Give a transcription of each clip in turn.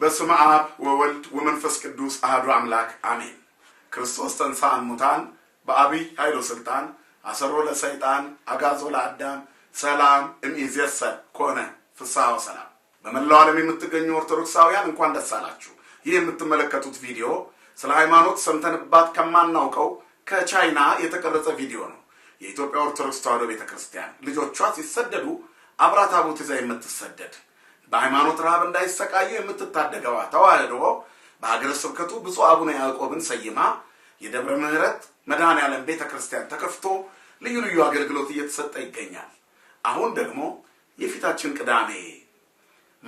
በስመ አብ ወወልድ ወመንፈስ ቅዱስ አህዶ አምላክ አሜን። ክርስቶስ ተንሥአ እሙታን በአብይ ኃይሎ ስልጣን አሰሮ ለሰይጣን አጋዞ ለአዳም ሰላም እምይእዜሰ ኮነ ፍስሐ ወሰላም። በመላው ዓለም የምትገኙ ኦርቶዶክሳውያን እንኳን ደስ አላችሁ። ይህ የምትመለከቱት ቪዲዮ ስለ ሃይማኖት ሰምተንባት ከማናውቀው ከቻይና የተቀረጸ ቪዲዮ ነው። የኢትዮጵያ ኦርቶዶክስ ተዋሕዶ ቤተ ክርስቲያን ልጆቿ ሲሰደዱ አብራ ታቦት ይዛ የምትሰደድ በሃይማኖት ረሃብ እንዳይሰቃዩ የምትታደገዋ ተዋህዶ በሀገረ ስብከቱ ብፁዕ አቡነ ያዕቆብን ሰይማ የደብረ ምሕረት መድኃኔዓለም ቤተ ክርስቲያን ተከፍቶ ልዩ ልዩ አገልግሎት እየተሰጠ ይገኛል። አሁን ደግሞ የፊታችን ቅዳሜ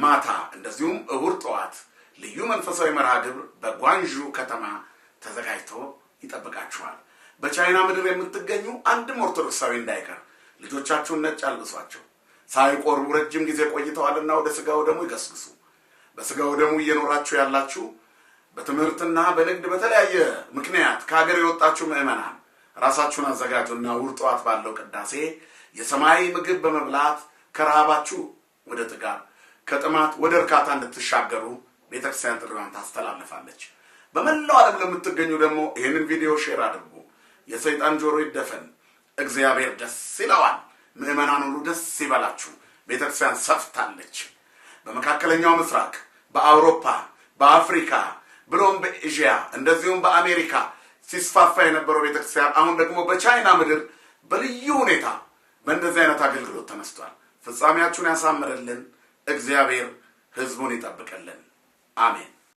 ማታ እንደዚሁም እሁድ ጠዋት ልዩ መንፈሳዊ መርሃ ግብር በጓንዡ ከተማ ተዘጋጅቶ ይጠብቃችኋል። በቻይና ምድር የምትገኙ አንድም ኦርቶዶክሳዊ እንዳይቀር ልጆቻችሁን ነጭ አልብሷቸው። ሳይቆርቡ ረጅም ጊዜ ቆይተዋልና ወደ ስጋው ደሙ ይገስግሱ። በስጋው ደሙ እየኖራችሁ ያላችሁ በትምህርትና በንግድ በተለያየ ምክንያት ከሀገር የወጣችሁ ምእመናን ራሳችሁን አዘጋጁና እሑድ ጠዋት ባለው ቅዳሴ የሰማይ ምግብ በመብላት ከረሃባችሁ ወደ ጥጋብ ከጥማት ወደ እርካታ እንድትሻገሩ ቤተክርስቲያን ጥሪዋን ታስተላልፋለች። በመላው ዓለም ለምትገኙ ደግሞ ይህንን ቪዲዮ ሼር አድርጉ። የሰይጣን ጆሮ ይደፈን፣ እግዚአብሔር ደስ ይለዋል። ምእመናን ሁሉ ደስ ይበላችሁ። ቤተክርስቲያን ሰፍታለች። በመካከለኛው ምስራቅ፣ በአውሮፓ፣ በአፍሪካ ብሎም በኤዥያ እንደዚሁም በአሜሪካ ሲስፋፋ የነበረው ቤተክርስቲያን አሁን ደግሞ በቻይና ምድር በልዩ ሁኔታ በእንደዚህ አይነት አገልግሎት ተነስቷል። ፍጻሜያችሁን ያሳምርልን። እግዚአብሔር ሕዝቡን ይጠብቅልን። አሜን።